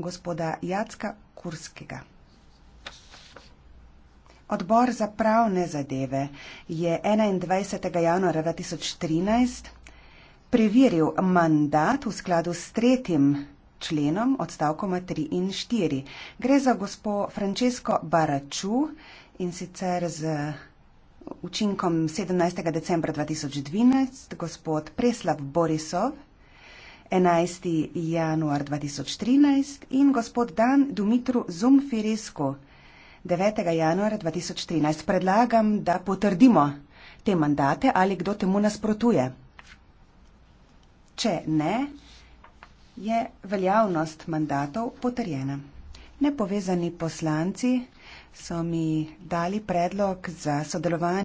gospoda Jacka Kurskega. Odbor za pravne zadeve je 21. januarja 2013 preveril mandat v skladu s tretjim členom odstavkoma 3 in 4. Gre za gospo Francesco Baraču in sicer z učinkom 17. decembra 2012 gospod Preslav Borisov 11. januar 2013 in gospod Dan Dumitru Zumfirisku 9. januar 2013. Predlagam, da potrdimo te mandate ali kdo temu nasprotuje. Če ne, je veljavnost mandatov potrjena. Nepovezani poslanci so mi dali predlog za sodelovanje.